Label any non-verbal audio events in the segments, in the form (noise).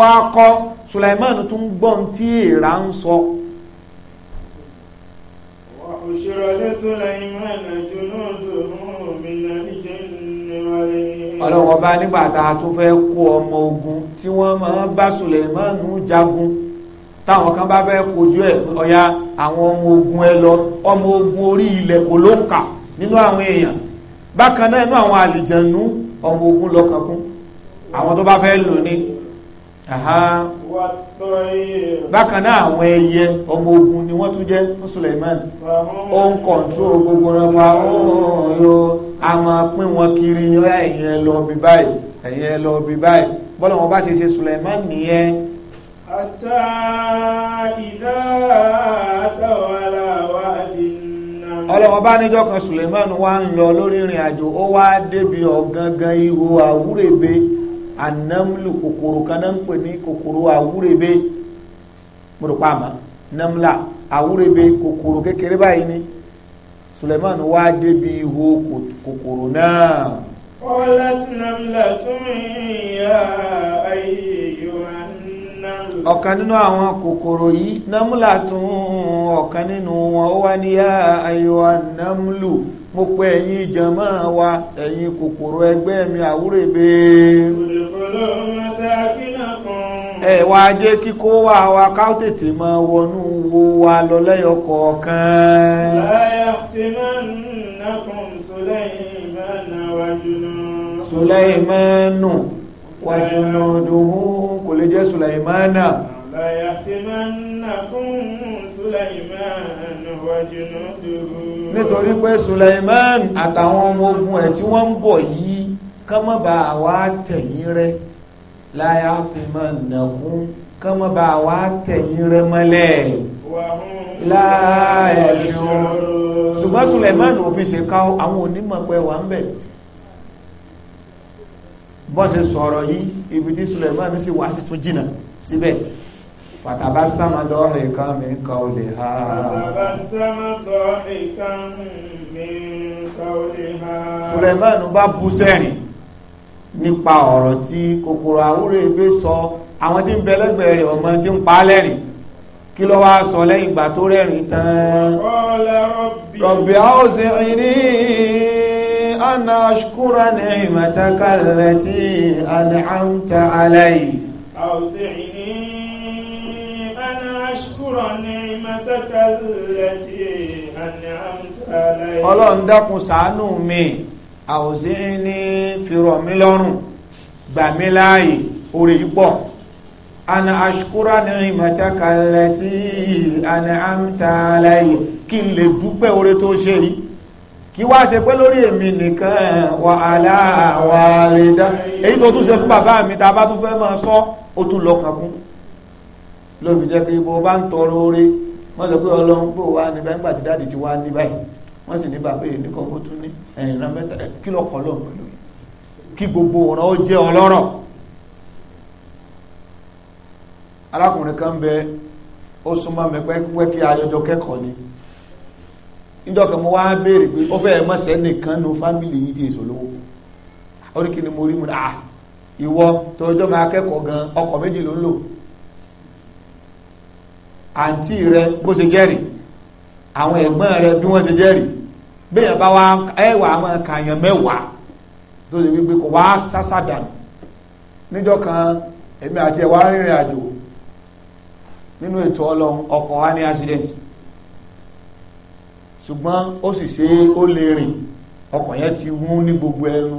wá kọ́ Sulaiman tún gbọ́n tí èèrà ń sọ. ọlọ́wọ́ bá nígbà tá a tún fẹ́ kó ọmọ ogun tí wọ́n máa bá Sulaiman jagun táwọn kan bá fẹ́ kojú ẹ̀ ọ̀ya àwọn ọmọ ogun ẹ lọ ọmọ ogun orí ilẹ̀ kò ló kà nínú àwọn èèyàn bákan náà inú àwọn àlìjẹ̀nú ọmọ ogun lọ́kàn kún àwọn tó bá fẹ́ lò ní bákan náà àwọn ẹyẹ ọmọ ogun ni wọ́n tún jẹ́ fún Suleiman ó ń kọ̀ntró gbogbo rẹ̀ wá ooo a máa pín wọn kiri ní ọ̀yá ẹ̀yin ẹ lọ bí báyìí ẹ̀yin ẹ lọ bí báyìí bọ́lá wọn bá ṣe ṣe Suleiman nìyẹn. ata ìdá àtàwàlà wa di nà. ọlọ́wọ́n bá níjọ́ kan Suleiman wá ń lọ lórí ìrìn àjò ó wá débi ọ̀gangan ihò àwúrèbe anamlu kòkòrò kan náà ń pè ní kòkòrò àwúrebe mo namla àwúrebe kòkòrò kékeré báyìí ni Suleiman wa débi ihò kòkòrò náà. qalat namlatun ya ayyuhan naml. ọ̀kan nínú àwọn kòkòrò yìí namlatun ọ̀kan nínú wọn ó wá ní ya ayyuhan namlu mo pè ẹ̀yin jàmá wa ẹ̀yin kòkòrò ẹgbẹ́ mi àwúrèbe ẹ wá jẹ́ kíkó wà wá ká tètè mọ wọnú wo wa lọ lẹ́yọ kọ̀ọ̀kan sùlẹ́ìmánù wàjúnà ọdún kò lè jẹ́ sùlẹ́ìmánà láyàtìmánà fún sùlẹ́ìmánà nítorí pé Suleiman àtàwọn ọmọ ogun ẹ̀ tí wọ́n ń bọ̀ yìí kọ́mọ́bà wa tẹ̀yìn rẹ láyà tí mọ̀ nàkún kọ́mọ́bà wa tẹ̀yìn rẹ mọ́lẹ̀ láyà ṣùgbọ́n ṣùgbọ́n Suleiman òfin ṣe ká àwọn onímọ̀ pé wà ń bẹ̀ bọ́sẹ̀ sọ̀rọ̀ yìí ibi tí Suleiman sì wá sí tún jìnnà síbẹ̀. Si فتبسم ضاحكا من قولها فتبسم ضاحكا من قولها سليمان bá bú sẹ́rìn nípa ọ̀rọ̀ tí kòkòrò àwúrò ebé sọ àwọn tí ń bẹ lẹ́gbẹ̀ẹ́ rẹ̀ ọmọ tí ń pa lẹ́rìn kí ló wáá sọ lẹ́yìn ìgbà tó rẹ́rìn tán. رب أوزعني أن أشكر نعمتك التي أنعمت علي. أوزعني أشكر نعمتك التي أنعمت علي ọlọ́run dákun ṣàánú mi àwòsíní fi rọ̀ mí lọ́rùn gbà mí láàyè orí pọ̀ ana ashkura ni'mataka allati an'amta alayya kí n lè dúpẹ́ kí wá ṣe pé lórí èmi nìkan wà aláwàlẹ́dá èyí tó tún ṣe fún bàbá mi tá a bá tún fẹ́ máa sọ ó tún lọ́kàn kún lóbi jẹ́ pé bó bá ń tọrọ oore wọ́n sọ pé ọlọ́run bó wá ní báyìí gbàtí dáàdì ti wá ní wọ́n sì ní bàbá èyí nìkan tún ní ẹ̀yìn ìran mẹ́ta kí lọ kọ́ gbogbo ọ̀rọ̀ ó jẹ́ ọlọ́rọ̀ arákùnrin kan bẹ ó súnmọ́ mi ayọjọ kẹ́kọ̀ọ́ ni mo wá béèrè pé ó nu ni mo rí mu ah, ìwọ tó ọjọ́ máa kẹ́kọ̀ọ́ gan àǹtí rẹ bó ṣe jẹ́rìí àwọn ẹ̀gbọ́n rẹ bí wọ́n ṣe jẹ́rìí bẹ́ẹ̀ bá wa ẹ̀wà àwọn kàyàn mẹ́wàá tó ṣe wípé kò wá sásà dànù níjọ́ kan èmi àti ẹ̀wà rìnrìn àjò nínú ètò ọlọ́run ọkọ̀ wa ní accident ṣùgbọ́n ó sì ṣe ó lè rìn ọkọ̀ yẹn ti wú ní gbogbo ẹnu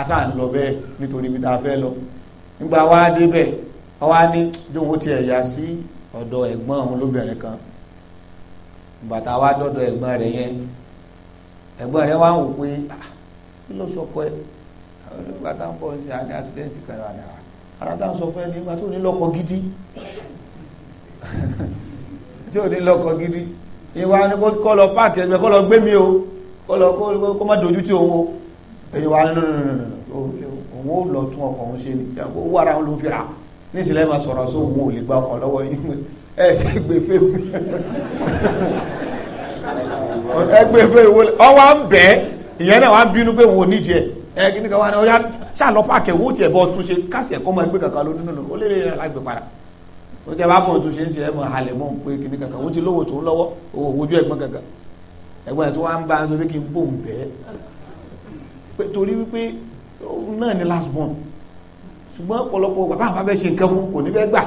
asá ń lọ bẹ́ẹ̀ nítorí ibi tá a fẹ́ lọ nígbà wa débẹ̀ ọwá ní dóhùn ó ti ẹ̀yà sí ọ̀dọ̀ ẹ̀gbọ́n òun lóbìnrin kan bàtà wa dọ́dọ̀ ẹ̀gbọ́n rẹ̀ yẹn ẹ̀gbọ́n rẹ̀ wá ń wò pé kí ló sọ pé nígbà tá à ń bọ̀ sí àní àṣídẹ́ǹtì kan wà náà ara tá à ń sọ fún ẹ nígbà tó ní lọ́kọ gidi tí ò ní lọ́kọ gidi ìwà ni kó lọ páàkì ẹgbẹ́ kó lọ gbé mi o kó lọ kó má dojú tí òun o èyí wà ní òun ò lọ tún ọkọ̀ òun ṣe ni owó ara òun ló fi rà á ní ìsìlẹ̀ máa sọ̀rọ̀ sóhun ò lè gba ọkọ̀ lọ́wọ́ yín ẹ ṣe gbé fẹ́ mi ẹ gbé fẹ́ ìwọ ọwọ́ à ń bẹ́ ìyẹn náà wà ń bínú pé wọn ò nídìí ẹ ẹ kí ni ká wà ní ọyá ṣàlọ́ pààkì ẹ̀wọ́ tiẹ̀ bọ́ túnṣe káṣí ẹ̀kọ́ máa gbé kàkà lónìí nínú ó lè lè lágbè padà ó jẹ́ bá bọ̀ túnṣe ń ṣe ẹ̀ mọ̀ halẹ̀ mọ̀ pé kí ni kàkà wọ́n ti lówó tó ń lọ́wọ́ owó ojú ẹ̀gbọ́n kàkà ẹ̀gbọ́n tó wá ń bá ń sọ pé kí n bò ń bẹ́ẹ̀ torí wípé náà ni last born ṣùgbọ́n ọ̀pọ̀lọpọ̀ bàbá àwọn fẹ́ ṣe nǹkan fún kò ní fẹ́ gbà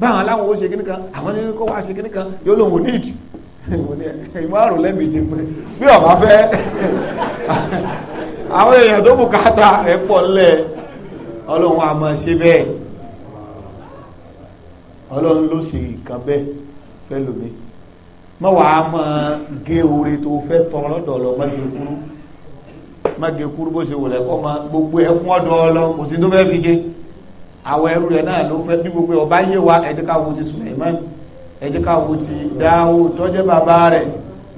báwọn aláwọ̀ ó ṣe kíní kan àwọn ní kó wá ṣe kíní kan yóò lòun ò ní ìdí ìmọ̀ àrò lẹ́mìí bí ọ̀bá fẹ́ àwọn èèyàn tó bùkátà rẹ̀ pọ̀ lẹ̀ ọlọ́run a máa ṣe bẹ́ẹ̀ ọlọ́run ló ṣe nǹkan bẹ́ẹ̀ fẹ́ lómi mọ́ wàá máa gé oore tó fẹ́ tọrọ lọ́dọ̀ lọ má gé kúrú má gé kúrú bó ṣe wò lẹ́kọ́ ma gbogbo ẹkún ọ̀dọ̀ ọlọ kò sí tó fẹ́ fi ṣe àwọn ẹrú rẹ̀ náà ló fẹ́ bí gbogbo ọba yé wa ẹ jẹ́ ká wo ti Suleiman ẹ jẹ́ ká wo ti Dawud tó jẹ́ bàbá rẹ̀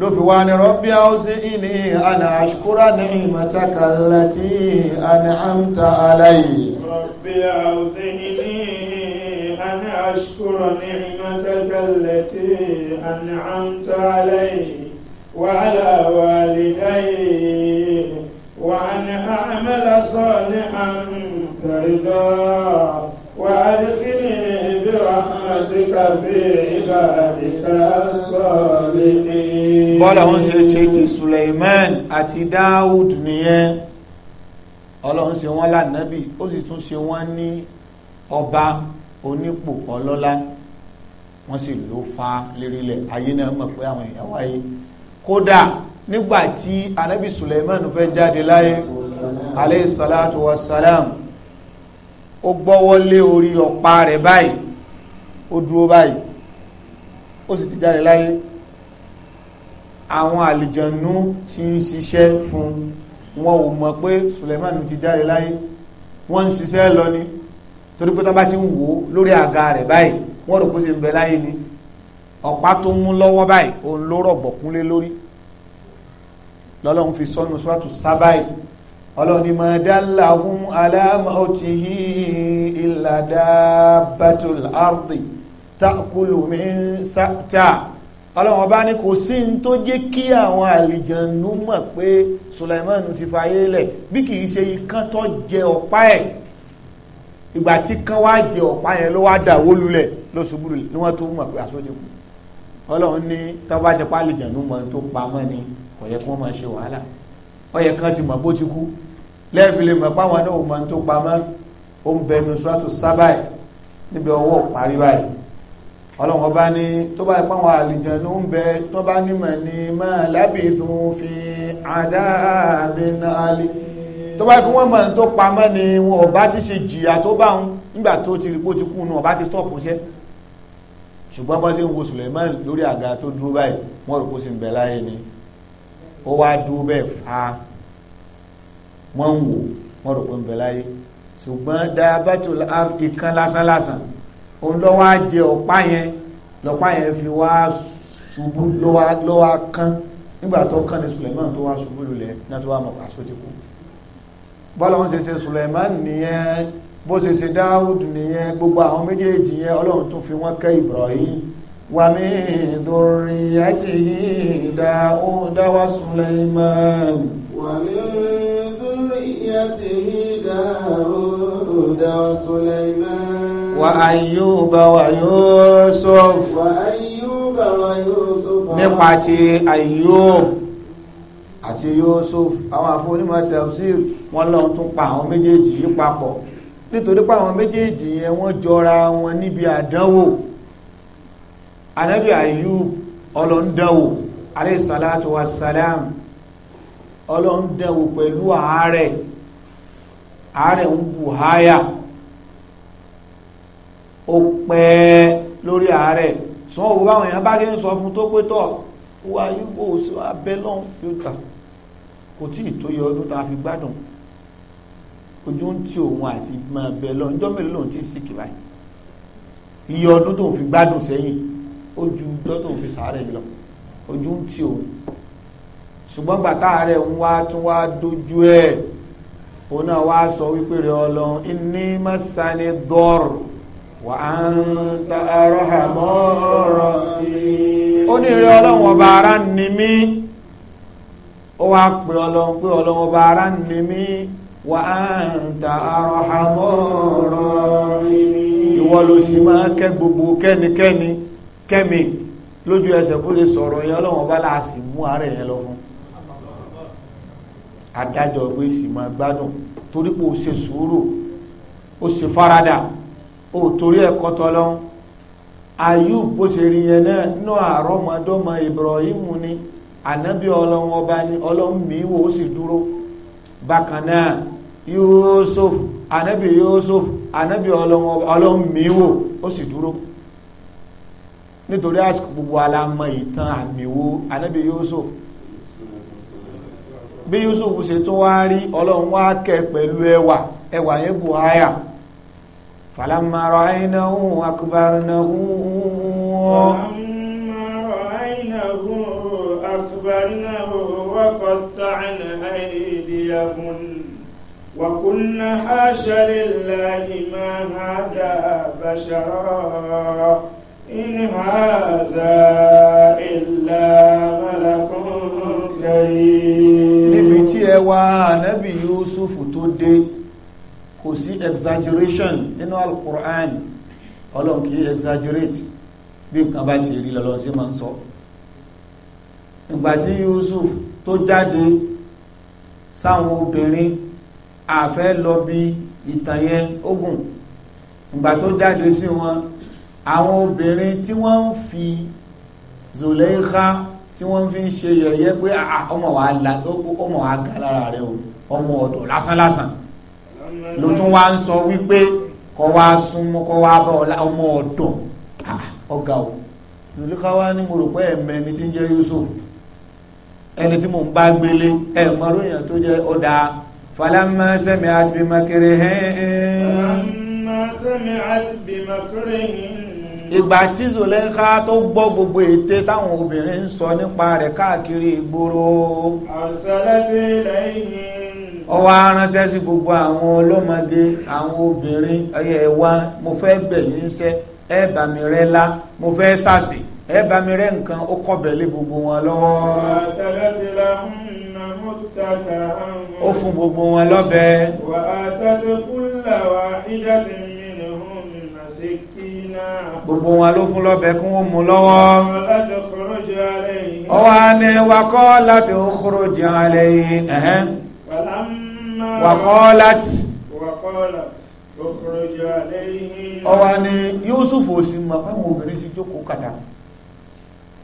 ló fi wá ní rọ́bí áwọ́sí ìní àná àṣkúrà ní ìmọ̀tàkà láti àná àmta aláyé rọ́bí áwọ́sí ìní àná àṣkúrà ní ìmọ̀tàkà láti àná àmta aláyé وعلى والدي وأن أعمل صالحا رضا وأدخلني برحمتك في عبادك الصالحين bọ́lá wọn ṣe ṣe ti Suleiman àti Dáúd ṣe wọ́n lánàbì ó sì tún ṣe wọ́n ní ọba onípò ọlọ́lá wọ́n sì ló fa lérílẹ̀ ayé náà mọ̀ pé àwọn èèyàn wáyé kódà nígbà tí anabi Suleiman fẹ́ jáde láyé aleyhi salatu wa salam ó gbọ́wọ́ lé orí ọ̀pá rẹ̀ báyìí ó dúró báyìí ó sì ti jáde láyé àwọn àlìjànú tí ń ṣiṣẹ́ fún wọn ò mọ̀ pé Sulemanu ti jáde láyé wọ́n ń ṣiṣẹ́ lọ ni torí pé tó bá ti ń wò ó lórí àga rẹ̀ báyìí wọ́n rò pé ṣe ń bẹ láyé ni ọ̀pá tó mú lọ́wọ́ báyìí òun ló rọ̀gbọ̀kúnlé lórí lọ́lọ́run fi sọ́nu sọ́tù sábàyìí ọlọ́ni ma dallahum ala mawtihi illa dabbatul ardi ta'kulu min sa'ta ọlọ́wọ́n bá ní kò sí ní tó jẹ́ kí àwọn àlìjànú mọ̀ pé Sulaiman ti fayé lẹ̀ bí kìí ṣe ikán tó jẹ ọ̀pá ẹ̀ ìgbà tí kán wá jẹ ọ̀pá yẹn ló wá dà wó lulẹ̀ ni wọ́n tó mọ̀ pé àṣọ́jẹ́ kù ọlọ́run ní tọ́ba jẹ́ mọ̀ tó pamọ́ ni kò kí wọ́n máa ṣe wàhálà ó yẹ ti mọ̀ bó ti kú lẹ́ẹ̀fìlẹ̀ mọ̀ páwọn náà mọ̀ tó pamọ́ ó ń bẹnu sọ́tò sábàì níbi ọwọ́ parí báyìí ọlọ́run ọba ní tó bá páwọn àlìjẹ̀nú ń bẹ tó bá nímọ̀ ní mọ́ lábìtún fi àdáàbìn alì tó bá ni wọn ọba ti ṣe jìyà tó bá ń nígbà tó ti rí kó ti kú nu ọba ti stọ́ọ̀pù ṣẹ́ ṣùgbọ́n ó wá dúró bẹ́ẹ̀ fàá wọ́n ń wò wọ́n rò pé ń bẹ láyé ṣùgbọ́n dábàtò ardi kan lásánlásán òun ló wá jẹ ọ̀pá yẹn lọ́pá yẹn fi wá ṣubú ló wá kán nígbà tó kán ní Suleiman tó wá ṣubú lulẹ̀ náà tó wá mọ̀ pàṣọ ti kú bọ́lá wọn ṣe ṣe Suleiman nìyẹn bó ṣe ṣe Dáúdù nìyẹn gbogbo àwọn méjèèjì yẹn Ọlọ́run tó fi wọ́n kẹ́ Ibrahim ومن ذريته داود وسليمان ومن داود وسليمان وأيوب ويوسف وأيوب ويوسف nípa ti Ayub àti Yusuf àwọn àfonímọ̀ tafsir wọ́n lọ́n tún pa àwọn méjèèjì yìí papọ̀ nítorí pé àwọn méjèèjì yẹn wọ́n jọra wọn níbi àdánwò anábì Ayub ọlọ́ndánwò alayhi salatu wassalam ọlọ́ndánwò pẹ̀lú àárẹ̀ àárẹ̀ ń bù háyà ó pẹ́ lórí àárẹ̀ ṣùgbọ́n òwúrọ̀ àwọn èèyàn bá ṣe ń sọ fún tó pé tọ̀ wà yíwò sí abẹ́ lọ́hùn yóò tà kò tí ì tó yẹ ọdún tá a fi gbádùn ojú ń tí òun àti máa bẹ lọ níjọ́ mélòó lòun ti sì kìlá yìí iye ọdún tóun fi gbádùn sẹ́yìn ó ju ọjọ́ tóun fi sàárẹ̀ lọ ojú ń tí òun ṣùgbọ́n gbàtà rẹ̀ ń wá tún wá dojú ẹ̀ òun náà wá sọ wípé rẹ ọlọ́run inni masani dọ́rù wà á ń ta arọ́hàmọ́ ọ̀rọ̀ ó ní rẹ ọlọ́run ọba ara ni mí ó wá pè ọlọ́run pé ọlọ́run ọba ara ni mí wà á ń ta arọ́hàmọ́ ọ̀rọ̀ ìwọ ló sì máa kẹ́ gbogbo kẹ́nikẹ́ni kẹ́mi lójú ẹsẹ̀ kó lè sọ̀rọ̀ yẹn ọlọ́run ọba láà sì mú ara yẹn lọ fún un adájọ́ pé sì máa gbádùn torí pé o ṣe sùúrù o ṣe farada o torí ẹ̀kọ́ tọ́lọ́hún ayub bó ṣe rí yẹn náà nínú àrọ́mọdọ́mọ Ibrahim ni ànábì ọlọ́run ọba ni ọlọ́run mi ó sì dúró bákan náà Yusuf ànábì Yusuf ànábì ọlọ́run mi wò ó sì dúró nítorí àsìkò gbogbo alamọ ìtàn àmìwò ànábì Yusuf bí Yusuf ṣe tó wá rí ọlọ́run wá kẹ́ pẹ̀lú ẹwà ẹwà yẹn bù háyà falamma ra'aynahu akbarnahu falamma ra'aynahu akbarnahu wa qatta'na aydiyahun wa kunna hasha lillahi ẹwà ànábì Yusuf tó dé kò sí exaggeration nínú alukur'an ọlọ́run kì í exaggerate bí nǹkan bá ṣe rí lọ́lọ́run sí máa ń sọ ìgbà tí Yusuf tó jáde sáwọn obìnrin àfẹ́ lọ bí ìtàn yẹn ogun ìgbà tó jáde sí wọn àwọn obìnrin tí wọ́n ń fi Zuleikha tí wọ́n fi ń ṣe yẹ̀yẹ́ pé ah, ah, ọmọ wa la ọmọ wa ga ọ̀dọ̀ lásánlásán ló tún wá ń sọ wípé kọ́ wá súnmọ́ kọ́ wá bá ọmọ ah, o ní mo rò ẹ̀mẹ́ tí Yusuf ẹni tí mò ń bá gbélé ẹ̀mọ́ tó jẹ́ ọ̀dà ìgbà tí Zuleika tó gbọ́ gbogbo ète táwọn obìnrin ń sọ nípa rẹ̀ káàkiri ìgboro ó wá ránṣẹ́ sí gbogbo àwọn ọlọ́mọge àwọn obìnrin ẹ wá mo fẹ́ bẹ̀yìn iṣẹ́ ẹ bá mi rẹ́ lá mo fẹ́ sàṣì ẹ bá mi rẹ́ nǹkan ó kọ̀bẹ̀ lé gbogbo wọn lọ́wọ́ ó fún gbogbo wọn lọ́bẹ̀ wà á tẹ́tẹ́ kúlà wà á ti mí gbogbo wọn ló fún lọ́bẹ̀ kí wọ́n mú lọ́wọ́ ọwọ́ ni wakọ́ láti kúrò jẹ́ alẹ́ yìí ẹ̀hẹ́n wakọ́ láti ọwọ́ ni Yusuf ò sì mọ̀ pé àwọn obìnrin ti jókòó kàtà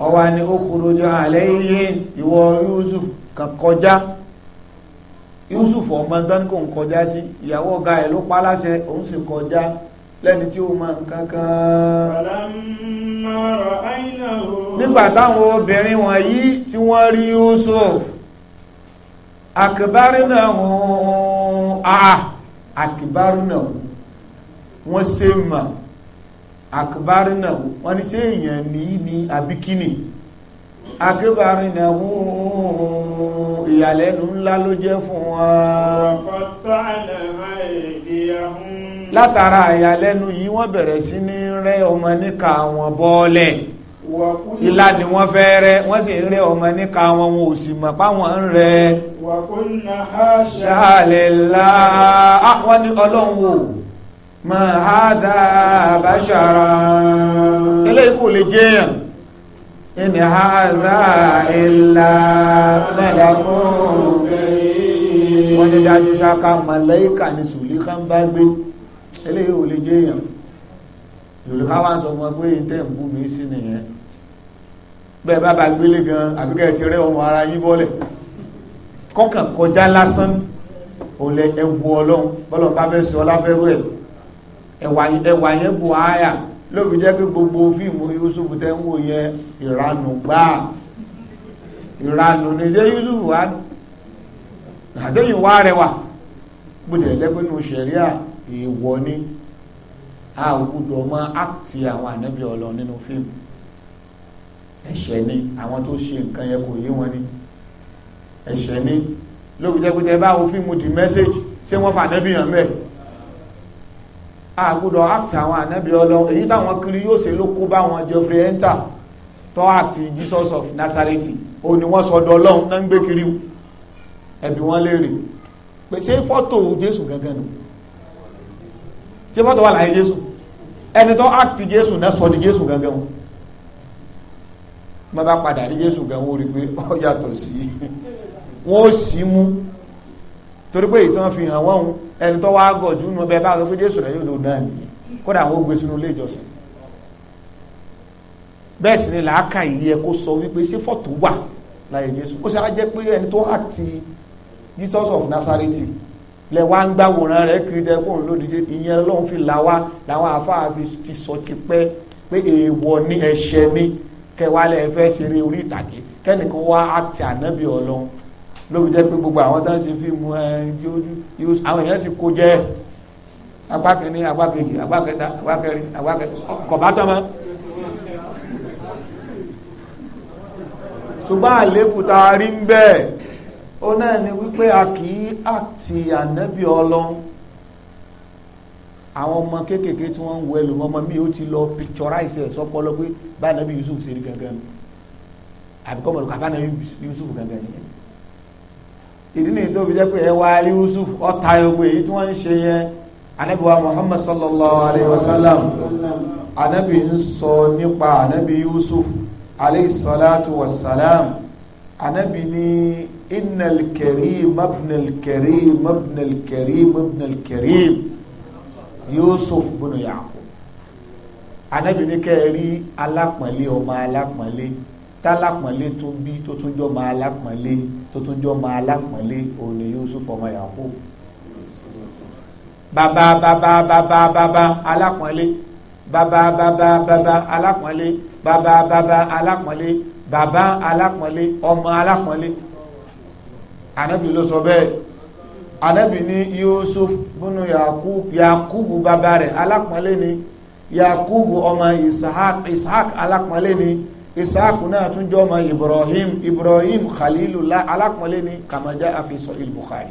ọwọ́ ni ó jẹ́ alẹ́ yìí ìwọ Yusuf kàn kọjá Yusuf ọmọ dánkò ń kọjá sí ìyàwó ọ̀gá ẹ̀ ló pa láṣẹ òun sì kọjá lẹ́ni tí ó mọ nǹkan kan nígbà táwọn obìnrin wọ̀nyí tí wọ́n rí Yusuf akibárínà hùn ah akibárínà wọ́n ṣe mà akibárínà wọ́n ní ṣe èèyàn ní ní abikini akibárínà hùn ìyàlẹ́nu ńlá ló jẹ́ fún wọn. ọ̀pọ̀ tó àná àìdíyà hùn látara àyàlẹ́nu yìí wọ́n bẹ̀rẹ̀ sí ní rẹ́ ọmọ níka wọn bọ́ọ̀lẹ̀ ìlà ni wọ́n fẹ́ rẹ́ wọ́n sì ń rẹ́ ọmọ níka wọn wọn ò sì mọ̀ páwọn ń rẹ́ ṣàlélá ah, wọ́n ní ọlọ́run wò mọ̀ bàṣàrà eléyìí kò lè jẹ́yàn in hādhā illā malakun wọ́n ní dájú ṣáká màláíkà ní sùlíkà ń bá gbé eléyìí ò lè jẹ́ èèyàn lòlù ká wá sọ fún ọ pé tẹ́ ń bú mi sí nìyẹn bẹ́ẹ̀ bá bá gbélé gan àbíkẹ́ ti rẹ́ ọmọ ara yín bọ́lẹ̀ kọ́kàn kọjá lásán ò lẹ ẹwu ọlọ́run bọ́lọ̀ bá fẹ́ sọ lábẹ́rú ẹ̀ ẹwà yẹn bu àyà lóbi jẹ́ pé gbogbo fíìmù Yusuf tẹ́ ń wò yẹn ìranù gbáà ìranù ní ṣé Yusuf wà nù wá rẹwà gbọ́dọ̀ ẹ̀jẹ̀ pé nù ṣẹ̀ríà èèwọ̀ ni a gbúdọ̀ mọ́ áàtì àwọn ànábì ọlọ́run nínú fíìmù ẹ̀ṣẹ̀ ni àwọn tó ṣe nǹkan yẹn kò yé wọn ni ẹ̀ṣẹ̀ ni lóbi jẹ́kújẹ́ bá wo fíìmù the message ṣé wọ́n fà ànábì hàn bẹ́ẹ̀ a gbúdọ̀ áàtì àwọn ànábì ọlọ́run èyí táwọn kiri yóò ṣe ló kó bá wọn Jeffrey enter tó áàtì Jesus of Nazareth ó ní wọ́n sọ̀dọ̀ ọlọ́run náà ń gbé kiri ẹ̀bí wọn léèrè pèsè fọ́tò Jésù gángan nù tí wọ́n tó wà láyé jésù ẹni tó act jésù náà sọ di jésù gangan wọn má bá padà rí jésù gangan wọn rí pé ọ yàtọ̀ sí wọn ó sì mú torí pé ìtàn fi hàn wọ́n ẹni tó wá gọ̀jú nù bẹ́ẹ̀ bá sọ pé jésù rẹ̀ yóò lò náà nìyí kódà àwọn ó gbé sínú ilé ìjọsìn bẹ́ẹ̀ sì ni làákà yìí yẹ kó sọ wípé ṣé fọ́tò wà láyé jésù ó sì á jẹ́ pé ẹni tó àti jesus of nazareth lẹ wá ń gbàwòrán rẹ̀ kiri tẹ kóun lódìde ìyẹn lọ́hún fi là wá làwọn àfáà fi ti sọ ti pẹ́ pé èèwọ̀ ni ẹ̀ṣẹ̀ ni kẹwàálẹ̀ fẹ́ ṣeré orí ìtàgé kẹ́nìkan wá àti ànábì ọlọ́run lóbi jẹ́ pé gbogbo àwọn tó ń ṣe fíìmù àwọn èèyàn sì kó jẹ́ apá kìíní apá kejì apá ṣùgbọ́n àléébù tá a rí ń bẹ́ẹ̀ ó náà ni wípé a kì í àti ànábì ọlọ́run àwọn ọmọ kéékèèké tí wọ́n ń wọ ẹlòmọ́ ọmọ mi ò ti lọ picturize ẹ̀ sọ́pọ́lọ́ pé bá ànábì Yusuf ṣe rí gangan ni àbíkọ́ mọ̀ lóka bá ànábì Yusuf gangan ni ìdí nìyí tó fi jẹ́ pé ẹwà Yusuf ọ̀tá ogun èyí tí wọ́n ń ṣe yẹn ànábì wa Muhammad sallallahu alayhi wa sallam ànábì ń sọ nípa ànábì Yusuf alayhi salatu wa salam ànábì ní inna al-karim ibn al-karim ibn al-karim ibn al-karim yusuf ibn yaqub anabi ní kẹrí alápọ̀nlé ọmọ alápọ̀nlé tálápọ̀nlé tó bí tó tún jọ ọmọ alápọ̀nlé tó tún jọ ọmọ alápọ̀nlé òun ni yusuf ọmọ yaqub bàbá bàbá bàbá bàbá alápọ̀nlé bàbá bàbá bàbá alápọ̀nlé bàbá bàbá alápọ̀nlé bàbá alápọ̀nlé ọmọ alápọ̀nlé anabi ló sọ bẹ́ẹ̀ anabi ní yusuf bùnú yakub yakubu bàbá rẹ̀ alápọ̀nlé ni yakubu ọmọ ishaq ishaq alápọ̀nlé ni ishaq náà tún jẹ́ ọmọ ibrahim ibrahim khalilullah alápọ̀nlé ni kàmájá àfisọ ilbukhari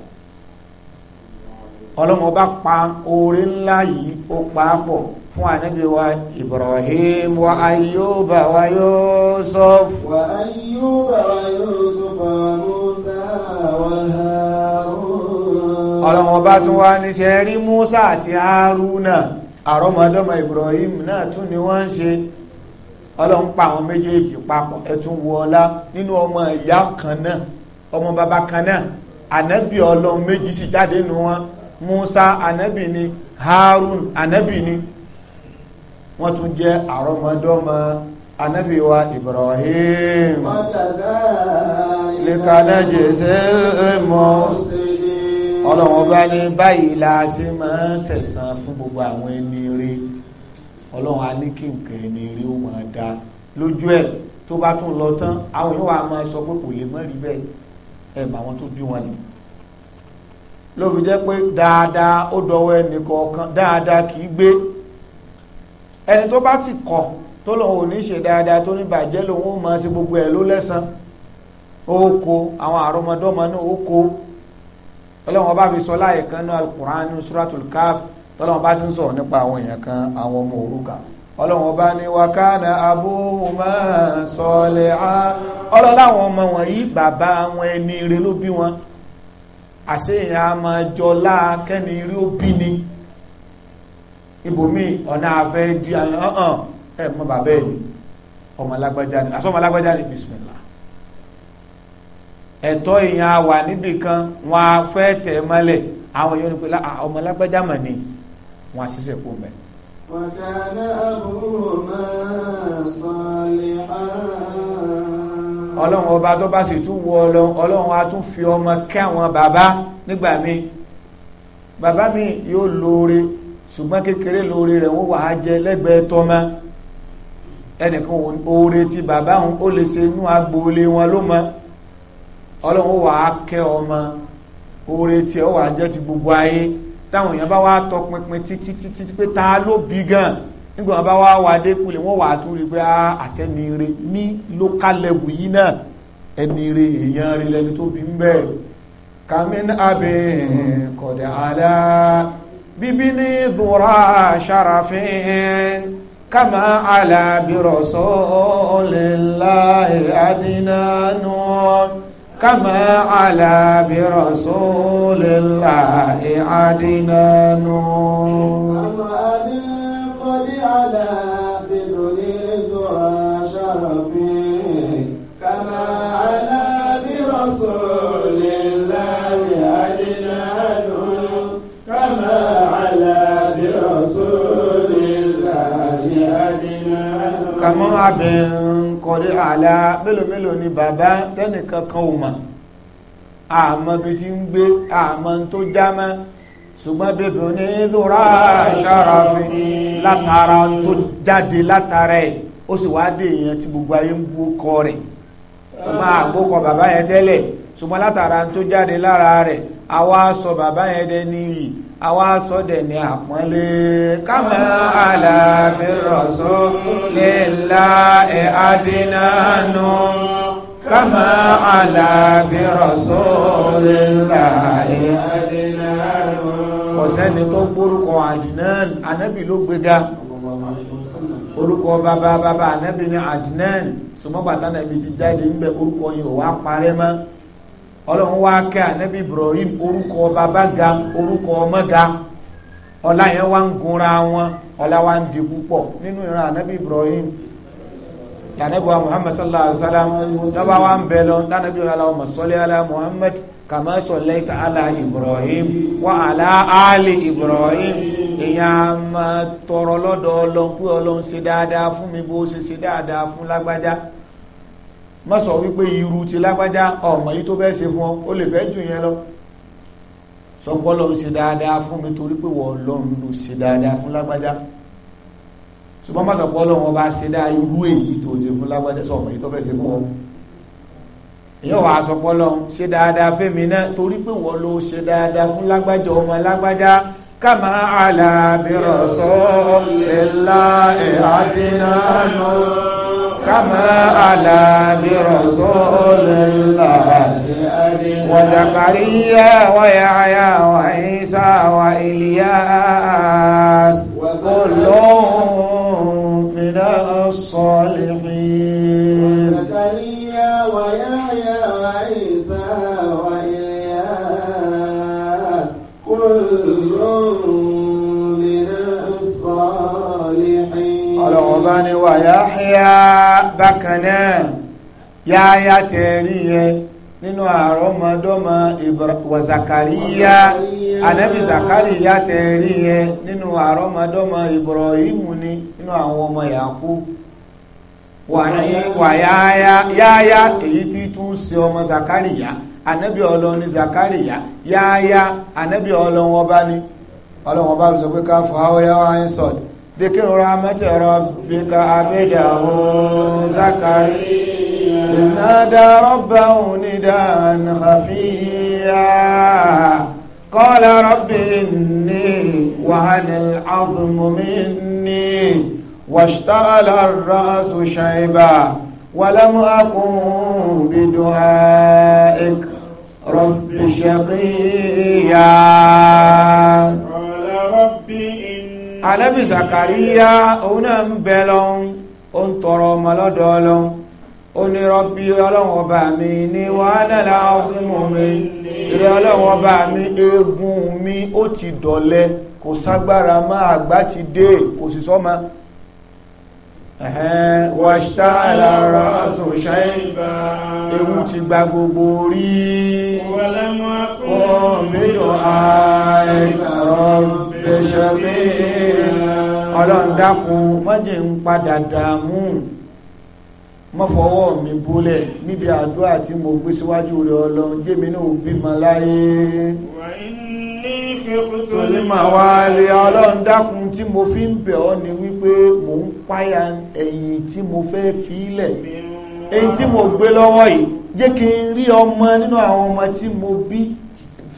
ọlọ́mọ bá pa oore ńlá yìí ó pa á pọ̀ fún ànábì wa ibrahim wa ayuba wa yusuf wa ayuba wa yusuf wa mú ọlọ́run ọba tún wá níṣẹ́ rí Musa àti Haruna àrọ́mọdọ́mọ Ibrahim náà tún ni wọ́n ń ṣe ọlọ́run pa àwọn méjèèjì papọ̀ ẹ̀tún wọ ọlá nínú ọmọ ìyá kan náà ọmọ bàbá kan náà ànábì ọlọ́run méjì sì jáde nù wọn Musa ànábì ni Harun ànábì ni wọ́n tún jẹ́ àrọ́mọdọ́mọ ànábì wa Ibrahim. wọ́n dàda lìkànẹ́jẹsẹ́ mọ́ ọlọ́run ọba ní báyìí la ṣe máa ń sẹ̀san fún gbogbo àwọn ẹni rí ọlọ́run a ní kí nǹkan ẹni rí ó máa da lójú ẹ̀ tó bá tún lọ tán àwọn yóò wá máa sọ pé kò lè mọ́ rí bẹ́ẹ̀ ẹ̀ mà wọn tó bí wọn nìyí lóbi jẹ́ pé dáadáa ó dọwọ́ ẹnì kọ̀ọ̀kan dáadáa kì í gbé ẹni tó bá ti kọ̀ tó lòun ò ní ṣe dáadáa tó ní bàjẹ́ lòun ó máa ṣe gbogbo ẹ̀ ló lẹ́sàn-án oko àwọn àrọmọdọ́mọ náà oko ọlọ́wọ́n bá fi sọ láàyè kan náà alukur'an ní suratul kaf tọ́lọ́wọ́n bá ti ń sọ̀rọ̀ nípa àwọn èèyàn kan àwọn ọmọ òrukàn ọlọ́wọ́n bá ní wakana abúhùmá sọ́lẹ̀á ọlọ́láwọn ọmọ wọ̀nyí bàbá wọn ẹni rẹ ló bí wọn àṣeyàn àmọ́jọlá kẹ́ni rí ó bí ni ibòmí ọ̀nà àfẹ́ di ẹ̀ mọ́ bàbá ẹ̀ ọmọ alágbájá ni àṣọ ọmọ alágbájá ni bísmẹ̀ ẹ̀tọ́ èèyàn á wà níbì kan wọn á fẹ́ tẹ̀ mọ́lẹ̀ àwọn èèyàn ní pé ọmọ lágbájá mọ̀ ni wọn á ṣiṣẹ́ kó mẹ́. ọlọ́run ọba tó bá sì tún wọ ọlọ́run ọlọ́run á tún fi ọmọ kẹ́ àwọn bàbá nígbà míì bàbá mi yóò lóore ṣùgbọ́n kékeré lóore rẹ̀ wọ́n wà á jẹ lẹ́gbẹ̀ẹ́ tọ́mọ ẹnìkan oore tí bàbá òun ó lè ṣe inú agboolé wọn ló mọ́ ọlọ́run wà á kẹ́ ọmọ oore tí ó wà jẹ́ ti gbogbo ayé táwọn èèyàn bá wá tọpinpin títí títí pé ta ló bí gan nígbà wọn bá wá wá dé wọn wà á tún rí pé àṣẹ ni ire ní local level yìí náà ẹni ire èèyàn ire lẹni tó bí ń bẹ́ẹ̀ kàmín abẹ́ kọ̀dẹ̀ àdá bíbí ní dùrà ṣàràfihàn kàmá àlàbí rọ̀ṣọ́ ọ̀lẹ́láì àdínà كما على برسول الله عدنا نور أما قد على بدر ذرى شرفي كما على برسول الله عدنا نور كما على برسول الله عدنا كما عبد kọ̀dí àlá mélòó mélòó ni bàbá tẹ́nìkan kan ò mọ̀ àmọ́ bí ti ń gbé àmọ́ tó já mọ́ ṣùgbọ́n bèbè ní ìdúrà ṣàràfin látara tó jáde látara ẹ̀ ó sì wá dé èèyàn tí gbogbo ayé ń bú kọ rẹ̀ ṣùgbọ́n àgbókọ bàbá yẹn tẹ́lẹ̀ ṣùgbọ́n látara tó jáde lára rẹ̀ àwa sọ bàbá yẹn dẹ́ níyì àwa sọ́dẹ̀ ní àpọ́nlé kama alábi rọ̀sọ́ lélá ẹ̀ adínánú kama alábi rọ̀sọ́ lélá ẹ̀ adínánú. ọ̀sẹ́ni tó gbórúkọ Adnan anábì ló gbéga orúkọ bàbá bàbá anábì ní Adnan sọmọgbàtà náà ibi ti jáde ń orúkọ yìí ò wá parẹ́ mọ́ ọlọ́run wá kẹ́ ànábì ibrahim orúkọ bàbá ga orúkọ ọmọ ga ọlá yẹn wá ń gunra wọn ọlá wá ń di púpọ̀ nínú ìran ànábì ibrahim yànábì wa muhammad sallallahu alayhi wa sallam dábàá wa ń bẹ lọ dánábì wa aláwọ̀ masọ́lẹ̀ ala muhammad kàmá sọ̀lẹ̀ ta ala ibrahim wa ala ali ibrahim èèyàn máa tọrọ lọ́dọ̀ ọlọ́run pé ọlọ́run ṣe dáadáa fún mi bó ṣe ṣe dáadáa fún lágbájá má sọ wípé irú ti lágbájá ọmọ yìí tó fẹ́ ṣe fún ọ ó lè fẹ́ jù yẹn lọ sọpọlọ ń ṣe dáadáa fún mi torí pé wọ́n lọ́run ló ṣe dáadáa fún lágbájá ṣùgbọ́n má sọpọlọ wọn bá ṣe dáa irú èyí tó ṣe fún lágbájá sọ ọmọ yìí tó fẹ́ ṣe fún ọ èyàn wàá sọpọlọ ṣe dáadáa fẹ́mi náà torí pé wọ́n ló ṣe dáadáa fún lágbájá ọmọ lágbájá kama ala bi rasulillah ẹ̀ adínánú. كما على برسول الله وزكريا ويعيا وعيسى وإلياس كل من الصالحين زكريا ويحيى وعيسى وإلياس كل wá ní wà ya bákan náà ninu tẹ̀rí yẹn nínú àrọ́mọdọ́mọ wa Zakariya anabi ninu tẹ̀rí yẹn nínú àrọ́mọdọ́mọ Ibrahimu ni nínú àwọn ọmọ ya ya Yahya èyí tí tún ṣe ọmọ Zakariya anabi ọlọ́run ní zakariya yáyá anabi ọlọ́run ọba ní ọlọ́run ọba ló sọ pé ká fọ àwọn yàrá ẹ̀ sọ̀dọ̀ ذكر رحمة ربك عبده زكريا إذ نادى ربه نداء خفيا قال رب إني وهن العظم مني واشتعل الرأس شيبا ولم أكن بدعائك رب شقيا anabi zakariya òun náà ń bẹ lọ́hún ó ń tọrọ ọmọ lọ́dọ̀ ọlọ́hún ó ní rọ́bí ọlọ́run ọba mi ní wàhálà láàrín mọ̀ mi ìrẹ́ ọlọ́run ọba mi eegun mi ó ti dọ̀lẹ́ kò ságbára mọ́ àgbà ti dé kò sì sọ́mọ́ wàṣítà àlàrà aṣọ ṣáìbà ewu ti gba gbogbo orí ọ̀mẹ́dọ̀ àìlàrọ̀ ọlọ́run dákun mọ́jẹ̀ ń padà dààmú mọ́fọwọ́ mi búlẹ̀ níbi àdúrà tí mo gbé síwájú rẹ̀ ọlọ́run jẹ́mi náà bímọ láyé torí màá wá lé ọlọ́run tí mo fi ń bẹ̀ ọ́ ni wípé mò ń páyà ẹ̀yìn tí mo fẹ́ fi èyí tí mo gbé lọ́wọ́ yìí jẹ́ kí n rí ọmọ nínú àwọn ọmọ tí mo bí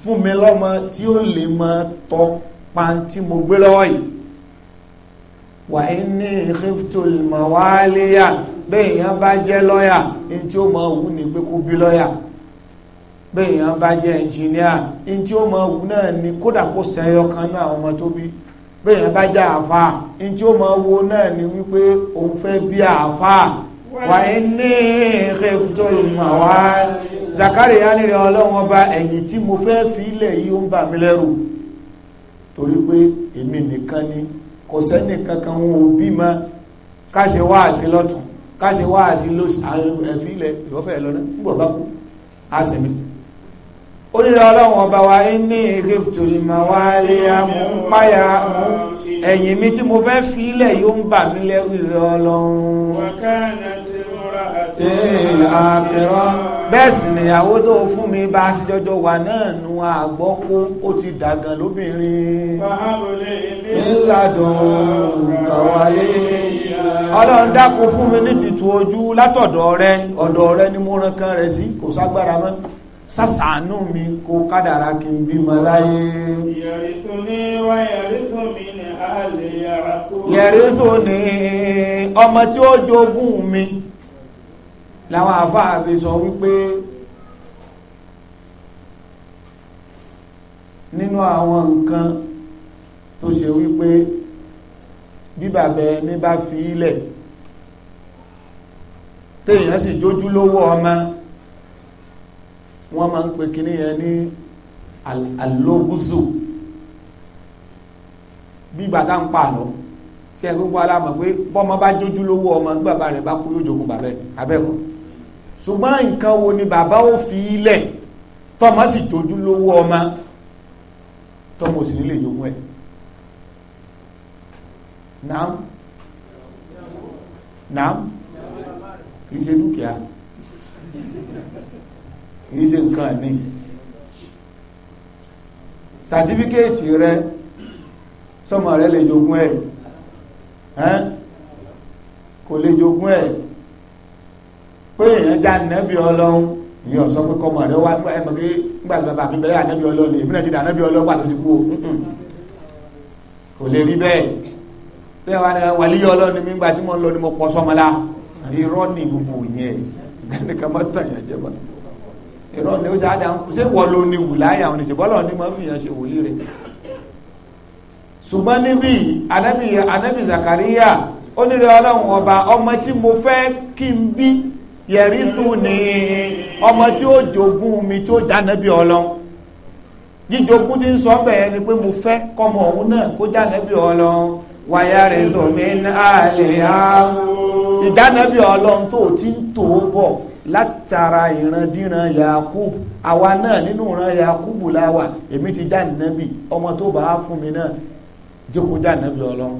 fún mi lọ́mọ tí ó lè mọ tọ́ pàǹtí mo gbé lọ́wọ́ yìí wà ní khiftul mawaliya bẹ́ẹ̀ yẹn bá jẹ́ lọ́yà ní tí ó máa wù ní pé kó bí lọ́yà bẹ́ẹ̀ yẹn bá jẹ́ ẹnjìníà ní tí ó máa wù náà ni kódà kó sẹ́yọ kan náà àwọn ọmọ tó bí bẹ́ẹ̀ yẹn bá jẹ́ àfa ní tí ó máa wo náà ni wípé òun fẹ́ bí àfa wà ní khiftul mawaliya Zakariya ni rẹ ọlọ́wọ́n ba ẹ̀yìn tí mo fẹ́ fi ilẹ̀ yìí ó ń bà mí lẹ́rù torí pé èmi nìkan ni kò sẹ́ni kankan wọn ò bímọ káṣe wáàsí lọ́tún káṣe wáàsí lóṣù ẹ̀fí ilẹ̀ ìwọ́fẹ́ lọ́nà nígbà bá kú á sì mi onílé ọlọ́run ọba wa ní ìhìftùlìmọ̀ wa lè mú páyà mú ẹ̀yìn mi tí mo fẹ́ fi ilẹ̀ yóò ń bà mí lẹ́rù ìrẹ́ ọlọ́run wákàtí àkẹrọ bẹ́ẹ̀ sì nìyàwó tó fún mi bá síjọjọ wà náà nu àgbọ́ kó ó ti dàgàn lóbìnrin ńládùn kàwálé ọlọ́run dákun fún mi ní tìtù ojú látọ̀dọ̀ rẹ ọ̀dọ̀ rẹ ni mo rán kan rẹ̀ sí kò ságbára mọ́ sásàánú mi kó kádàrá kí n bímọ láyé yẹ̀rí tó ní ọmọ tí ó jogún mi làwọn àáfàá fi sọ wípé nínú àwọn nǹkan tó ṣe wípé bí bàbá ẹni bá fi ilẹ̀ téèyàn sì jójú lówó ọmọ wọ́n máa ń pè kíní yẹn ní alógúzù bí bàtà ń pa àlọ́ ṣe é gbogbo alámọ̀ pé bọ́mọ bá jójú lówó ọmọ bí bàbá rẹ̀ bá kú yóò jogún bàbá ẹ̀ abẹ́kọ̀ọ́ ṣùgbọ́n nǹkan wo ni bàbá ó fi ilẹ̀ tọmọ sì tójú lówó ọmọ tọmọ sì nílé yòówù ẹ̀ naam naam kìí ṣe dúkìá kìí ṣe nǹkan ní sàtífíkẹ́ẹ̀tì rẹ sọmọ rẹ lè jogún ẹ̀ kò lè jogún ẹ̀ pé èèyàn já nẹ́bí ọlọ́run ìyẹn ọ̀sọ́ pé kọ́mọ rẹ wá ẹ̀mọ́ pé nígbà tó bá mi bẹ̀rẹ̀ ànẹ́bí ọlọ́run èmi náà ti dà ànẹ́bí ọlọ́run pàtó ti kú o kò lè rí bẹ́ẹ̀ bẹ́ẹ̀ wá ní wàlíyọ ọlọ́run ni mi gbà tí mo ń lọ ni mo pọ̀ sọ́mọlá irọ́ ni gbogbo yẹn gani ka ma tàn yẹn jẹ bọ́lá irọ́ ni ó ṣe àdá ṣé wọ́n ló ní wùláyà òní ṣe bọ́lá òní máa fìyàn ṣe wòlí rẹ̀ ṣùgbọ́n níbí anabi anabi Zakariya ó nílò yẹ̀rísùn ni ọmọ tí ó jogún mi tí ó jánẹ́bí ọlọ́run jíjogún tí ń sọ bẹ́ẹ̀ ni pé mo fẹ́ kọmọ òun náà kó jánẹ́bí ọlọ́run wàyà rẹ̀ lómi àlè àrùn ìjánẹ́bí ọlọ́run tó ti ń tò bọ̀ látara ìrandíran yakub àwa náà nínú ìran yakub láwà èmi ti jánẹ́bí ọmọ tó bá fún mi náà jókòó jánẹ́bí ọlọ́run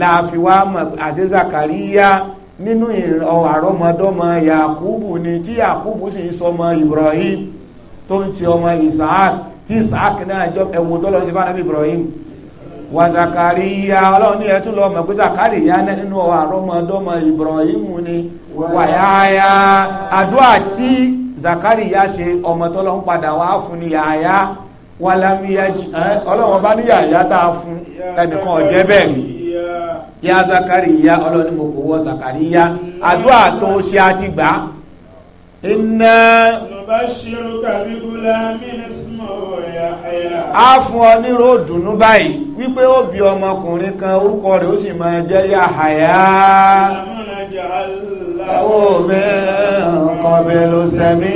láàfin wa mọ̀ àti zakariya nínú àrọ́mọdọ́mọ yakubu ni tí yakubu sì ń sọmọ ibrahim tó ń ti ọmọ isaac tí isaac náà jọ ẹ̀wọ̀n tó lọ sí fún ibrahim wa zakariya ọlọ́run ní ẹ̀tún lọ mọ̀ pé zakariya nínú àrọ́mọdọ́mọ ibrahim ni wàyáyá àdúrà tí zakariya ṣe ọmọ tó lọ ń padà wá fún ni yàyá wàlámíyájì ọlọ́run bá ní yàyá tá a fún ẹnìkan ọ̀jẹ́ bẹ́ẹ̀ rí yá zakariya ọlọ́ni mo kò wọ zakariya àdúrà tó ṣe àti gbà iná a fún ọ ní ròdùnú báyìí wípé ó bí ọmọkùnrin kan orúkọ rẹ̀ ó sì máa jẹ́ Yahaya ẹ̀wọ́ mi nǹkan bẹ́ẹ̀ ló sẹ́mi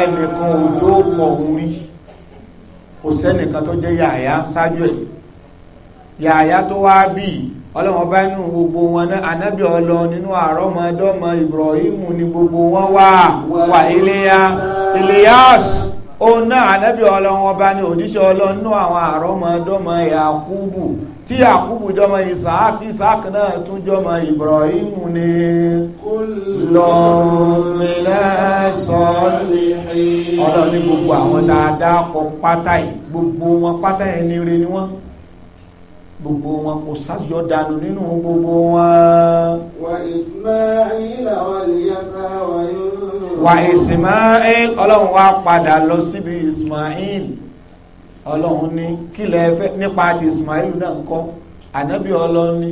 ẹnìkan ò tó kọ̀ orí kò sẹ́nìkan tó jẹ́ Yahaya ṣáájú ẹ̀ yàyà tó wá bí ọlọ́run ọba nínú gbogbo wọn náà anábì ọlọ nínú àrọ́mọdọ́mọ Ibrahim ni gbogbo wọn wà wà iléyà Ilyas òun náà anábì ọlọ́run ọba ní òjíṣẹ́ ọlọ́run nínú àwọn àrọ́mọdọ́mọ Yakubu tí Yakubu jọmọ Isaac Isaac náà tún jọmọ Ibrahim ni lọ́mìnà sọ́ọ́lì ọlọ́run ní gbogbo àwọn dáadáa kọ pátá yìí gbogbo wọn pátá yẹn ní ire ni wọ́n gbogbo wọn kò sáṣìyọ dànù nínú gbogbo wọn. Wa Ismail wà wa wà yóò. Ismail ìsìmáìl ọlọ́run wá padà lọ síbi ìsìmáìl ọlọ́run ní kílẹ̀ fẹ́ nípa ti ìsìmáìl náà kọ́ ànábì ọlọ́run ní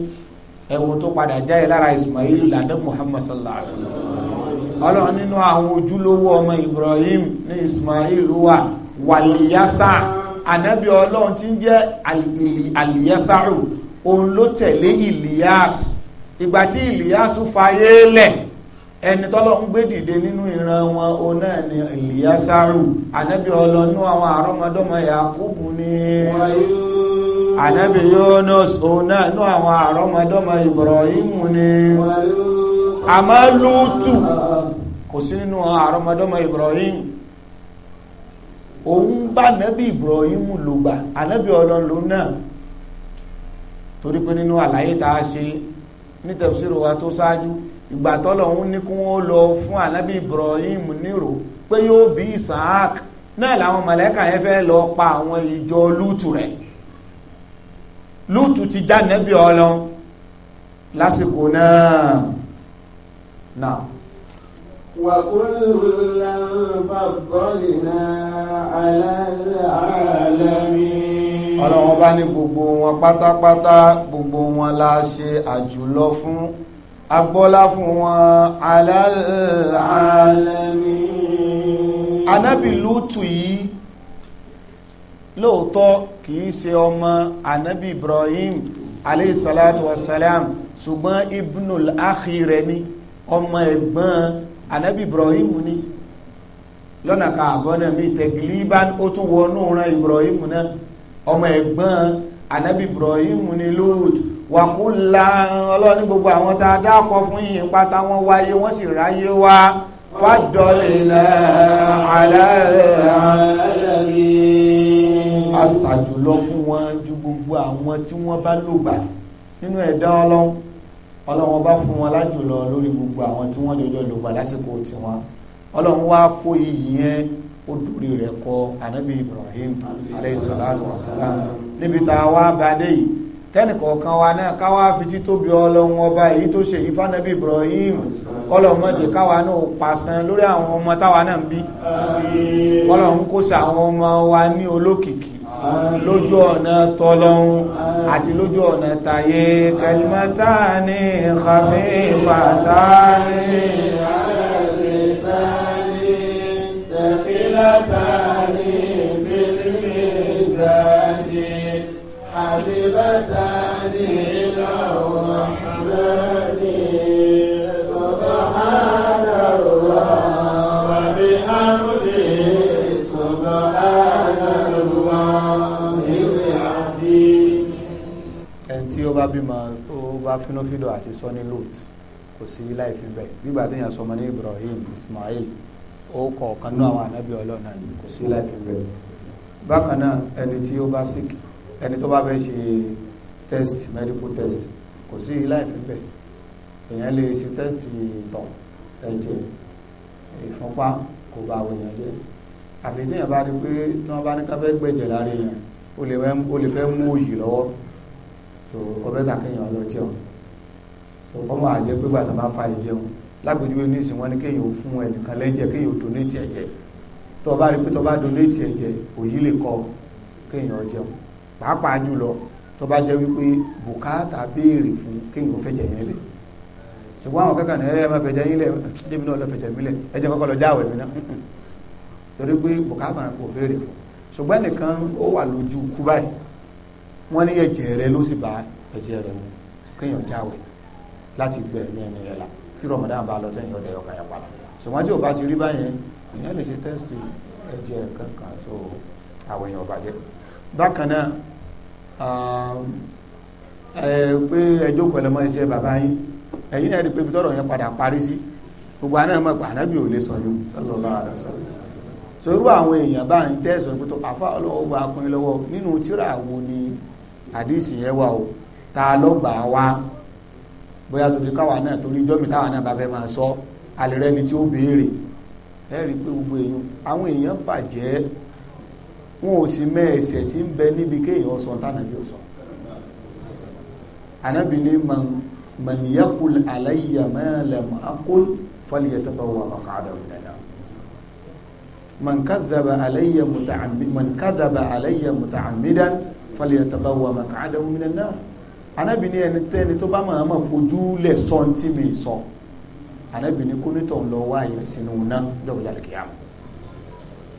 ẹ̀wọ̀n tó padà jáde lára ìsìmáìl lànà muhammad sallallahu alayhi wa sallam ọlọ́run nínú àwọn ojúlówó ọmọ ibrahim ní Ismail wà wà lìyàsá ànábì ọlọ́run tí ń jẹ́ àlìyẹsàrò òun ló tẹ̀lé ìlíyàs ìgbà tí ìlíyàs fayé lẹ̀ ẹni tọ́lọ́run gbé dìde nínú ìran wọn òun náà ni ìlíyàsàrò ànábì ọlọ́run nú àwọn àrọ́mọdọ́mọ Yakubu ni ànábì Yunus òun náà nú àwọn àrọ́mọdọ́mọ Ibrahim ni àmọ́ lútù kò sí nínú àrọ́mọdọ́mọ Ibrahim òun bá nábì Ibrahim lògbà ànábì ọlọ́run lòun náà torí pé nínú àlàyé tá a ṣe ní wa tó ṣáájú ìgbà tọ́lọ́hún ní kí wọ́n lọ fún ànábì Ibrahim nírò pé yóò bí Isaac náà làwọn mọ̀lẹ́kà yẹn fẹ́ lọ pa àwọn ìjọ lútù rẹ̀ lútù ti já nábì ọlọ́run lásìkò náà náà. وكلا فضلنا على العالمين ọlọ́run ọba ní gbogbo wọn pátápátá gbogbo wọn la ṣe àjùlọ fún agbọ́lá fún wọn ala alamin anábì lútù yìí lóòótọ́ kìí ṣe ọmọ anábì ibrahim aleyhisalatu wasalam ṣùgbọ́n ibnul akhi rẹ̀ ni ọmọ ẹ̀gbọ́n anabi ibrahim ni lọ́nà kan àbọ̀nà mi tẹ̀gílíbán ó tún wọnú ran ibrahim náà ọmọ ẹ̀gbọ́n anabi ibrahim ni lóòt wàkúlà ọlọ́ni gbogbo àwọn tá a dákọ̀ fún yìí pátá wọn wáyé wọ́n sì ráyé wá fàdọ̀lélà aláàlárí àṣàjùlọ fún wọn ju gbogbo àwọn tí wọ́n bá lògbà nínú ẹ̀dá ọlọ́run ọlọ́run bá fún wọn lájùlọ lórí gbogbo àwọn tí wọ́n jọjọ lò gbà lásìkò tiwọn ọlọ́run wá kó iyì yẹn ó dorí rẹ̀ kọ ànábì Ibrahim aleyhisalaatu wasalaam níbi tá a wá bá dé yìí tẹ́nìkọ̀ọ̀kan wa náà káwá fi títóbi ọlọ́run ọba èyí tó ṣe yìí fànábì Ibrahim kọlọ́run má jẹ́ káwa náà pàṣán lórí àwọn ọmọ táwa náà ń bí kọlọ́run kó ṣe àwọn ọmọ wa ní olókìkí lójú ọ̀nà tọ́lọ́hún àti lójú ọ̀nà tayé kẹlímátà ní khafifata ní alẹ́sàní sẹ̀fílátà ní bílímìsàní àbíbátà ní. bímọ ó bá fínúfíndò àti sọ́ni lot kò sí láì fi bẹ́ẹ̀ gbígbà téèyàn sọmọ ní Ibrahim Ismail ó kọ̀ ọ̀kan náà àwọn ànábì Ọlọ́run náà kò sí láì fi bẹ́ẹ̀ bákan náà ẹni tí ó bá sick ẹni tó bá fẹ́ ṣe test medical test kò sí láì fi bẹ́ẹ̀ èèyàn lè ṣe test ìtọ̀ ẹ̀jẹ̀ ìfúnpá kò bá àwọn èèyàn jẹ́ àfi téèyàn bá rí pé tí wọ́n bá ní ká fẹ́ gbẹ̀jẹ̀ lára èèyàn ó lè fẹ́ mú òyì lọ́wọ́ so ọbẹ̀ dà kéèyàn lọ so ọmọ àjẹ pé gbàtà fa ìjẹun lágbèjúwe ní ìsìn wọn ni kéèyàn ò fún ẹnìkan lẹ́jẹ̀ kéèyàn ò donate ẹ̀jẹ̀ tó rí pé tó donate ẹ̀jẹ̀ òyì lè kọ kéèyàn jẹun pàápàá jùlọ tó bá wípé bùkátà béèrè fún kéèyàn ò fẹ́jẹ̀ yẹn lẹ̀ ṣùgbọ́n àwọn kankan náà ẹ máa fẹ̀jẹ̀ yín lẹ̀ débi náà lọ fẹ̀jẹ̀ mi lẹ̀ ẹ kọ́kọ́ lọ jáwèé mi náà (laughs) torí pé bùkátà kò béèrè fún ṣùgbọ́n nìkan ó wà lójú kú báyìí wọ́n ní ẹ̀jẹ̀ rẹ ló sì bá ẹ̀jẹ̀ rẹ mu kéèyàn jáwé láti gbẹ ẹ̀mí ẹni rẹ la tí rọmọdán bá lọ tẹ̀yìn ọ̀dẹ̀ ọ̀kan yẹn padà ṣùgbọ́n tí o bá ti rí báyẹn èèyàn lè ṣe tẹ́sítì ẹ̀jẹ̀ kankan tó àwọn èèyàn bàjẹ́ bákan náà pé ẹjọ́ pẹ̀lẹ́mọ́ iṣẹ́ bàbá yín ẹ̀yin náà rí pé bitọ́rọ̀ yẹn padà parí sí gbogbo àná mọ̀ pé ànábì ò lè sọ yóò sallallahu alaihi sọ irú àwọn èèyàn báyìí tẹ́sán pé tó àfa ọlọ́wọ́ gba akọrin lọ́wọ́ nínú tírà wo ni àdìsí yẹn wà o ta ló gbà á wá bóyá torí káwa náà torí ìjọ́ mi táwa náà bá fẹ́ máa sọ alẹ́ rẹ́ni tí ó béèrè ẹ rí i pé gbogbo èèyàn àwọn èèyàn bàjẹ́ wọn ò sì mẹ tí ń bẹ níbi kéèyàn sọ tánàbí ò sọ ànábì ní man yaqul alayya ma lam aqul falyatabawwa maq'adahu nana man falyatabawwa maq'adahu minan nar anábìíní ẹni tẹ́ni tó bá máa máa fojú lẹ̀ sọ ní tí mi sọ anábìíní kónítọ̀ ń lọ wá ìrìn sínú náà lọ́wọ́ yàrá kìá mọ́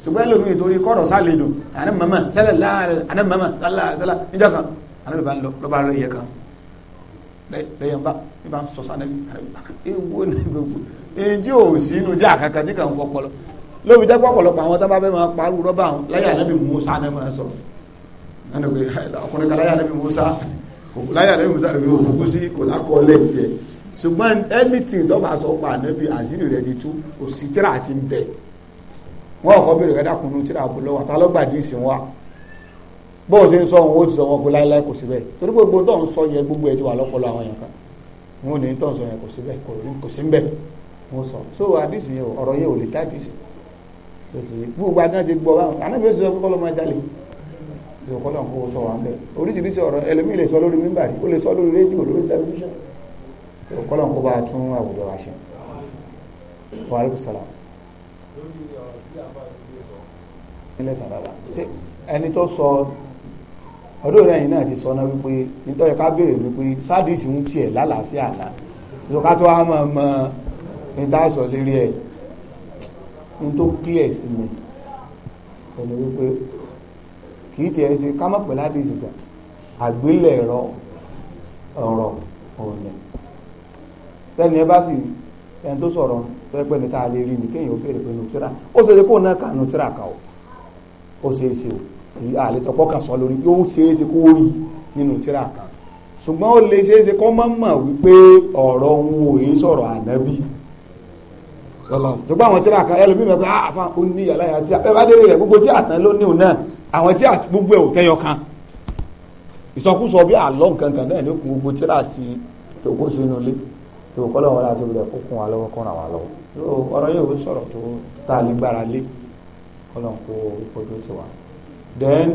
ṣùgbọ́n ẹlòmíì torí kọ́rọ̀ sálẹ̀dò anamọ́mọ́ sẹ́lẹ̀ láàrin anamọ́mọ́ sálà sálà níjọ́ kan anábìíní bá ń lọ lọ́ba rẹ̀ yẹ kan lẹ́yìn bá ní bá ń sọ sánẹ́bí ewu ní gbogbo èjì ò sínú jẹ́ àkàkà tí kàn ń ẹni pé ọkùnrin kan láyà lẹ́bi musa láyà lẹ́bi musa èmi ò sí kò lákọ lẹ́yìn ṣùgbọ́n anything tó bá sọ pa ànábì àṣírí rẹ̀ ti tú kò sí tíra àti ń bẹ̀ wọ́n ọ̀kọ́ bèrè kẹ́dà kùnú tíra àbò lọ́wọ́ àtàlọ́gbà dín sí wọn bọ́ọ̀ ṣe ń sọ wọn ti sọ wọn kó láéláé kò síbẹ̀ torí gbogbo tó ń sọ yẹn gbogbo ẹ̀ ti wà lọ́pọlọ àwọn èèyàn kan wọn ò ní tó ń sọ yẹn kò síbẹ̀ kò sí ń wọn sọ so àdìsí ọ̀rọ̀ yẹn ò lè ká àdìsí gbogbo agán ṣe gbọ́ ànábì ó ìwọ̀kọ́lọ̀ kó sọ wà ń bẹ̀ oríṣiríṣi ọ̀rọ̀ ẹlòmíì lè sọ lórí mímbàrí o lè sọ lórí rédíò lórí tẹlifíṣàn ìwọ̀kọ́lọ̀ kó bá tún àwùjọ wa ṣe wa alaikum salam nílẹ̀ sàn bàbá ẹni tó sọ ọdún rẹ̀ yìí náà ti sọ náà wípé nítorí ká béèrè wípé sádìsì ń tiẹ̀ lálàáfíà náà ìṣọ̀ká tó wá mọ̀ mọ́ ní dáṣọ lérí ẹ̀ ní tó clear sí mi pẹ̀lú wípé kì í tiẹ̀ ṣe ká má pè ládìsí gan àgbélẹ̀rọ ọ̀rọ̀ ọ̀nà tẹ́ni ẹ bá sì ẹni tó sọ̀rọ̀ pẹ́pẹ́ ní tá a lè rí ni kéèyàn ó béèrè pé nùtírà ó ṣe é ṣe kó náà kà nùtírà kà ó ó ṣe é ṣe o àlè tọpọ́ kan sọ lórí yóò ṣe é ṣe kó rí nínú tírà kan ṣùgbọ́n ó lè ṣe é ṣe kó má mọ̀ wípé ọ̀rọ̀ òun ò yé sọ̀rọ̀ ànábì ṣùgbọ́n àwọn tírà kan ẹlòmíràn pé ah, àfa ó ní aláya tí a bá délé rẹ̀ gbogbo tí àtàn ló níhùn náà àwọn tí gbogbo ẹ̀ ò tẹ́yọ kan ìsọkúsọ bí àlọ́ kankan náà ló kún gbogbo tíra àti tòkó sínú ilé tó kọ́ lọ́wọ́ láti ibùdó kó kún wa lọ́wọ́ kó ràn wá lọ́wọ́ yóò ọ̀rọ̀ yóò sọ̀rọ̀ tó tá a lè gbára lé kọ́ lọ́n kó ojú ti wá. then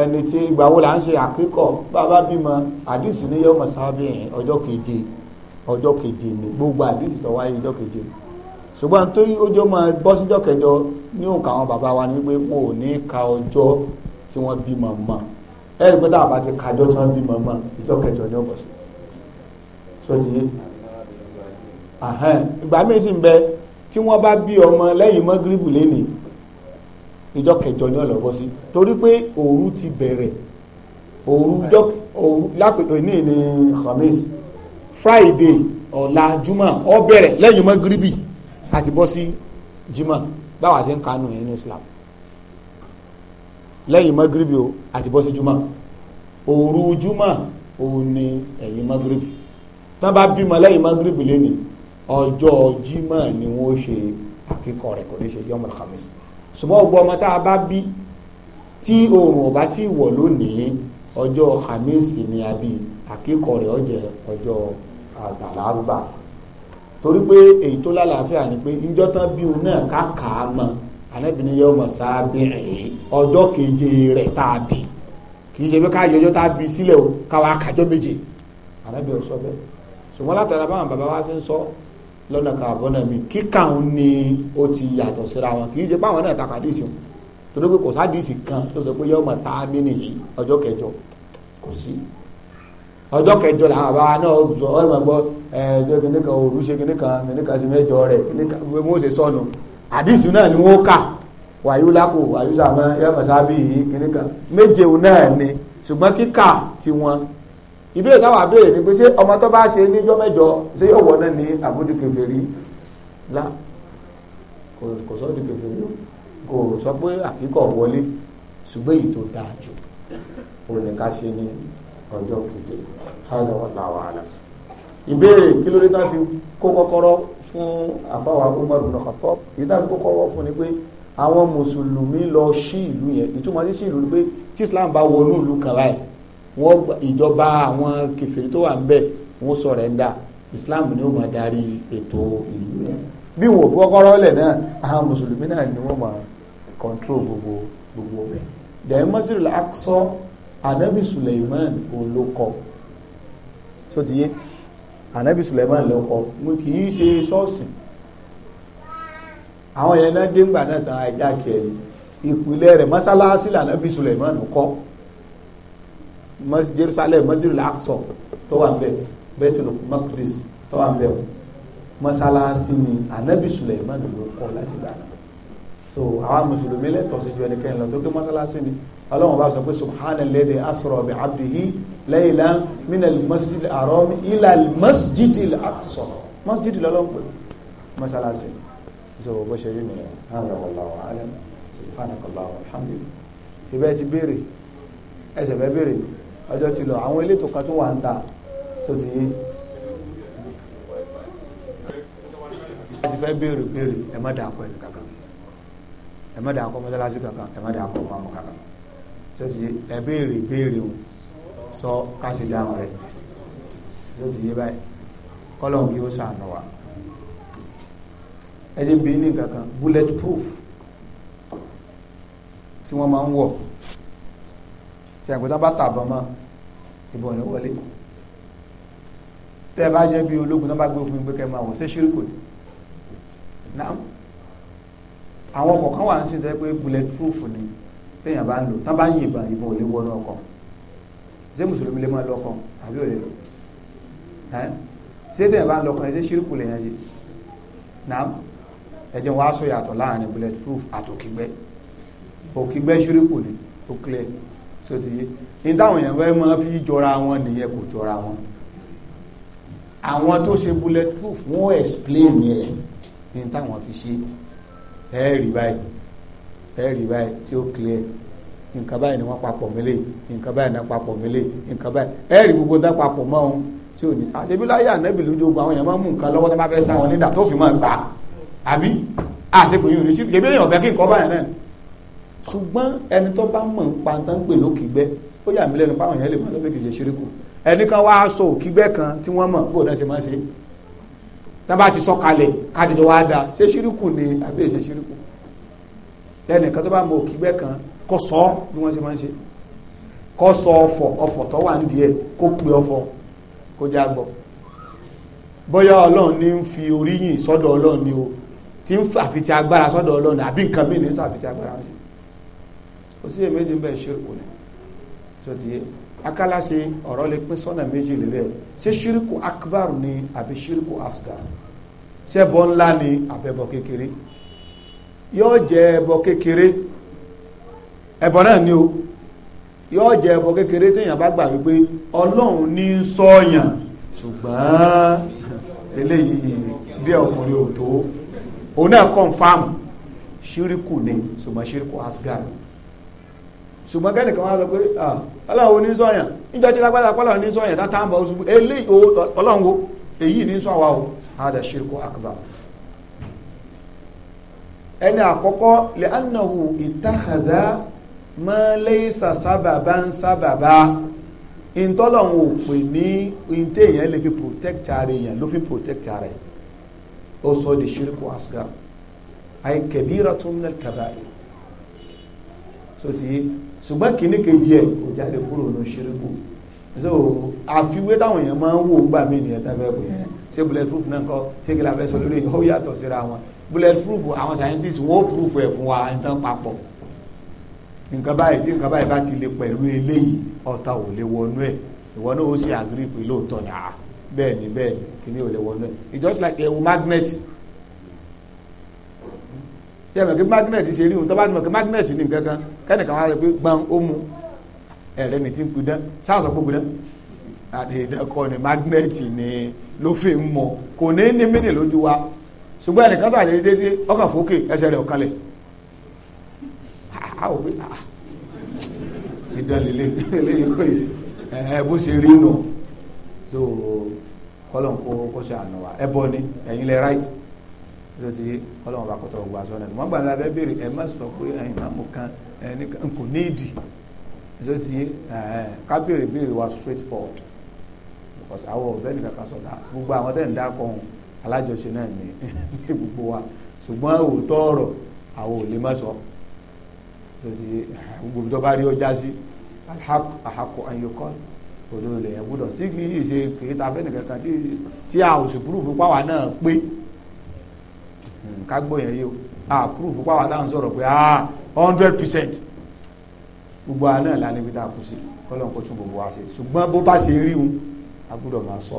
ẹni tí ìgbàwó là ń ṣe àkíkọ̀ bàbá bímọ àdìsí ní yọmọ sábẹ́ ọjọ́ keje ọjọ́ keje ni gbogbo àdìsí tó wáyé ọjọ́ keje ni ṣùgbọ́n tó ọjọ́ máa bọ́ síjọ́ kẹjọ ní òǹkà àwọn bàbá wa ni pé wọn ò ní ka ọjọ́ tí wọ́n bí màmá ẹ rí pé tá a bá ti kájọ́ tí wọ́n bí màmá ìjọ́ kẹjọ ní ọ̀pọ̀ sí so ti yé ìgbà míì sì ń bẹ tí wọ́n bá bí ọmọ lẹ́yìn mọ́ gíríbù lẹ́nìí ìjọ́ kẹjọ ní ọ̀lọ́bọ̀ sí torí pé òru ti bẹ̀rẹ̀ òru jọ òru lápẹ̀tọ̀ ní ní khamis friday ọ̀la juma ó bẹ̀rẹ̀ lẹ́yìn mọ́ gíríbù a ti bọ́ sí jimá báwa ṣe ń kanu yẹn ní islam lẹ́yìn magribi o a ti bọ́ sí jumá òru jumá òun ni ẹ̀yìn magribi tán bá bímọ lẹ́yìn magribi lẹ́ni ọjọ́ jimá ni wọ́n ṣe àkíkọ̀ rẹ̀ kò ní ṣe yọmọ khamis ṣùgbọ́n gbogbo ọmọ tá a bá bí tí oòrùn ọba tí wọ̀ lónìí ọjọ́ khamis ni a bí àkíkọ̀ rẹ̀ ó jẹ́ ọjọ́ torí pé èyí tó lálàáfíà ni pé njọ́ tán bí òun náà ká kà á mọ ànábìíní yẹ ọmọ sáábì ọjọ́ keje rẹ̀ tá a bì kì í ṣe pé ká yọjọ́ tá a bì sílẹ̀ o káwa kájọ́ méje ànábìíní sọ bẹ́ẹ̀ ṣùgbọ́n látara báwọn bàbá wa ṣe ń sọ lọ́nà kàbọ́nà mi kíkà ń ní ó ti yàtọ̀ síra wọn kì í ṣe báwọn náà takàdé ìsìn torí pé kò sádìsì kan tó sọ pé yọ ọmọ sáábì nìyí ọjọ́ kẹjọ kò sí ọjọ́ kẹjọ làwọn àbá náà sọ ọ ma gbọ́ ẹ jẹ́ kìnní kan òru ṣe kìnní kan kìnní kan sí mẹ́jọ rẹ̀ kìnní kan gbogbo wọn ṣe sọnù àdìsí náà ni wọ́n kà wàyú lákò wàyú sàmọ́ yàmọ̀sá bí yìí kìnní kan méje náà ni ṣùgbọ́n kíkà ti wọn ìbéèrè táwọn àbẹ̀rẹ̀ ni pé ṣé ọmọ tó bá ṣe níjọ́ mẹ́jọ ṣé yóò wọ́n ní àbúdí kèfèrí lá kò sọ́ di kèfèrí kò sọ pé àkíkọ̀ wọlé ṣùgbọ́n èyí tó dáa jù òun ni ká ṣe ní ọjọ́ keje hádà wallahu a'lam. ìbéèrè kí ló dé tá fi kó kọ́kọ́rọ́ fún àfáwà Umar bin Khattab yìí tá fi kó kọ́kọ́rọ́ fún ni pé àwọn mùsùlùmí lọ sí ìlú yẹn ìtumọ̀ sí sí ìlú ni pé tí Islam bá wọnú ìlú kan láì wọ́n ìjọba àwọn kèfèrí tó wà ń bẹ̀ wọ́n sọ̀rẹ́ńdà Islam ni ó máa darí ètò ìlú yẹn bí wọn ò fi kọ́kọ́rọ́ lẹ̀ náà àwọn mùsùlùmí náà ni wọ́n máa control gbogbo gbogbo bẹ̀. dẹ̀ mọ́sílù al anabi suleiman òun ló kọ tó ti yé anabi suleiman ló kọ mo kì í ṣe ṣọ́ọ̀ṣì àwọn yẹn náà déngbà náà tán ajá kẹrin ìpìlẹ̀ rẹ̀ mọ́sálásí lànàbí suleiman kọ́ jerusalem masjidul aqsa tó wà bẹ́ẹ̀ bẹ́tul maqdis tó wà bẹ́ẹ̀ mọ́sálásí ni ànábì suleiman ló kọ́ láti gbà náà so àwọn mùsùlùmí lẹ́tọ̀ọ́ sí ju ẹnikẹ́ni lọ tó gbé mọ́sálásí ni ọlọ́run bá sọ pé subhana alladhi asra bi abdihi laylan minal masjid al-haram ila al masjid al-aqsa masjid lọ́lọ́run pẹ̀lú masalasi so bó ṣe rí nìyẹn hàn wallahu alam subhanakallahu alhamdulillah ṣe bẹ́ẹ̀ ti béèrè ẹsẹ̀ fẹ́ béèrè ọjọ́ ti lọ àwọn elétò kan tó wà ń ta so ti yé ti fẹ́ béèrè béèrè ẹ má dà kọ́ ẹnì kankan ẹ má dà kọ́ mọ́sálásí kankan ẹ má dà kọ́ mọ́mọ́ kankan tó ti ẹ béèrè béèrè o sọ ká sì dáhùn rẹ̀ tó ti yé báyìí kọ́lọ́hún kí ó sàánú wa ẹ jẹ́ bí ní nǹkan kan bullet proof tí wọ́n máa ń wọ̀ tí àgbẹ̀tàn bá tàbọ̀ mọ́ ìbọn ní wọlé tẹ́ ẹ bá jẹ́ bí ológun náà bá gbé fún mi máa wọ̀ ṣé ṣírìkò ni àwọn kọ̀ọ̀kan wà ń sìn tẹ́ pé bullet proof ni téèyàn bá ń lò tán bá yìnbọn ìbọn ò lè wọnú ọkọ ṣé mùsùlùmí lè máa lọ ọkọ àbí ò lè lọ ṣé téèyàn bá ń lọ ọkọ ẹ ṣe ṣírùkù lèèyàn ṣe náà ẹ jẹ́ wàá sọ yàtọ̀ láàrin bullet proof àtòkígbẹ́ òkígbẹ́ ṣírùkù ni ó clear so ti yé ní táwọn èèyàn fẹ́ máa fi jọra wọn nìyẹn kò jọra wọn àwọn tó ṣe bullet proof wọ́n explain yẹn ní táwọn fi ṣe ẹ rí báyìí ẹ̀rí báyìí tí ó clear nǹkan báyìí ni wọ́n papọ̀ mílé nǹkan báyìí ni wọ́n papọ̀ mílé nǹkan báyìí ẹ̀rí gbogbo dá papọ̀ mọ́ ohun tí ò ní sá àṣebí láyé ànábì lójú ogun àwọn èèyàn máa ń mú nǹkan lọ́wọ́ tó bá fẹ́ sá wọn nídà tó fi máa gbà àbí àṣepò yìí ò ní sí ṣebí èèyàn ọ̀bẹ kí nǹkan báyìí náà ṣùgbọ́n ẹni tó bá mọ̀ nípa tó ń pè lókìgbẹ́ ó yà mí lẹ́nu páwọn èèyàn lè máa lọ́bẹ̀ kì í ṣe ṣíríkù ẹni kan wá sọ òkìgbẹ́ kan tí wọ́n mọ̀ bó náà máa ṣe tábà ti sọ kalẹ̀ kájọjọ wá dáa ṣé ṣíríkù ni àbí èṣe ṣíríkù lẹ́nìkan tó bá mọ òkìgbẹ́ kan kó sọ ọ́ bí wọ́n ṣe máa ń ṣe kó sọ ọ̀fọ̀ ọ̀fọ̀ tó wà nídìí kó pe ọ̀fọ̀ kó já gbọ́ bóyá ọlọ́run ní ń fi oríyìn sọ́dọ̀ ọlọ́run ni o ti ń fàfitì agbára sọ́dọ̀ ọlọ́run àbí nǹkan mìíràn ń fàfitì agbára sí ó sì yẹ méjì ń bẹ̀ ṣírkù ni tó ti yé akálàṣe ọ̀rọ̀ lè pín sọ́nà méjì lélẹ̀ ṣé ṣírkù akbar ni àbí ṣírkù asgar ṣẹbọ ńlá ni àbẹ̀bọ kékeré yóò jẹ ẹbọ kékeré ẹbọ náà ni o yóò jẹ ẹbọ kékeré téèyàn bá gbà wípé ọlọ́run ní sọ́ọ̀yàn ṣùgbọ́n eléyìí bí ọkùnrin ò tó òun náà confam ṣíríkù ni ṣùgbọ́n ṣíríkù asgar ṣùgbọ́n wá sọ pé ọlọ́run ní sọ́ọ̀yàn níjọ́ tí lágbádá ní sọ́ọ̀yàn tá táǹbà eléyìí ọlọ́run wo èyí ní sọ́ọ̀wá o ṣíríkù akbar ẹni àkọ́kọ́ lè anahu ìtàkàdá mọ́lẹ́ sàsábàbá ń sábàbá ìtọ́lọ̀wọ̀n ò pè ní ìtẹ́ èèyàn lè fi protect ara èèyàn ló fi protect ara ẹ̀ ó sọ di ṣírkù asga àyè kẹbíra tó ń lẹ́nu kaba ẹ̀ so ti ṣùgbọ́n kìíní kejì ẹ̀ kò jáde kúrò ní ṣírkù so àfiwé táwọn èèyàn máa ń wò ń gbà mí nìyẹn tá fẹ́ ṣé bulletproof náà kọ́ ṣé kí la fẹ́ sọ lórí ìyẹn ó yàtọ̀ síra wọn bullet proof àwọn scientists wọ́n proof ẹ̀ fún wa nǹkan papọ̀ nǹkan báyìí tí nǹkan báyìí bá ti lè pẹ̀lú eléyìí ọ̀tá ò lè wọnú ẹ̀ ìwọ náà ó sì agree pé lóòótọ́ ni Ah, bẹ́ẹ̀ ni bẹ́ẹ̀ ni kìíní ò lè wọnú ẹ̀ it's just like ẹ̀wù magnet ṣe mọ̀ kí magnet ṣe rí òun tó bá ti mọ̀ kí magnet ní nǹkan kan kẹ́nìkan wá rẹ̀ pé gbọ́n ó mu ẹ̀rẹ́ ni ti ń pidán sáàsọ̀ pé pidán àdéhìdán kọ́ ni magnet ni ló fi ń mọ̀ kò ní ní mílíọ̀nù lójú ṣùgbọ́n ẹnìkan sàlẹ̀ déédéé ọkàn fòkè ẹsẹ̀ rẹ̀ ọ̀kanlẹ̀ àwọn òbí ìdánilé eléyìí kò sí ẹ bó ṣe rí nù so kọlọ̀n kó kó ṣe àná wa so ti kọlọ̀n bá kọ́tọ̀ ọgbà sọ náà wọ́n gbà lábẹ́ béèrè ẹ má sọ pé ẹ̀yin máa mú kan ẹni kò ní ìdì so ti ká béèrè béèrè wa straight forward because àwọn ọ̀bẹ nìkan kan sọ̀dá gbogbo àwọn tẹ̀ ń dá kọ́ alájọṣe náà ní ní gbogbo wa ṣùgbọ́n òótọ́ ọ̀rọ̀ àwọn ò lè má sọ eh, gbogbo tó bá rí ọjà sí àhàkọ àyọkọ olórí lèyàn gbọ́dọ̀ tí kì í ṣe kì í ta fẹ́ nìkankan tí a ò sì púrúfù páwa náà pé hmm, ká gbóyàn yìí o a púrúfù páwa náà ń sọ̀rọ̀ pé a hundred percent gbogbo wa náà la níbi tá a kù sí kọ́lọ́n kó tún gbogbo wa ṣe ṣùgbọ́n bó bá ṣe rí un a gbọ́dọ̀ máa sọ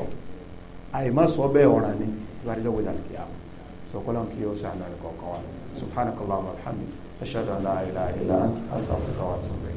àìmọ́ sọ bẹ́ẹ̀ ọ̀ràn ni. وارد ودا القيامة سو كلهم كيو سهل لكم سبحانك اللهم وبحمدك أشهد أن لا إله إلا أنت أستغفرك وأتوب إليك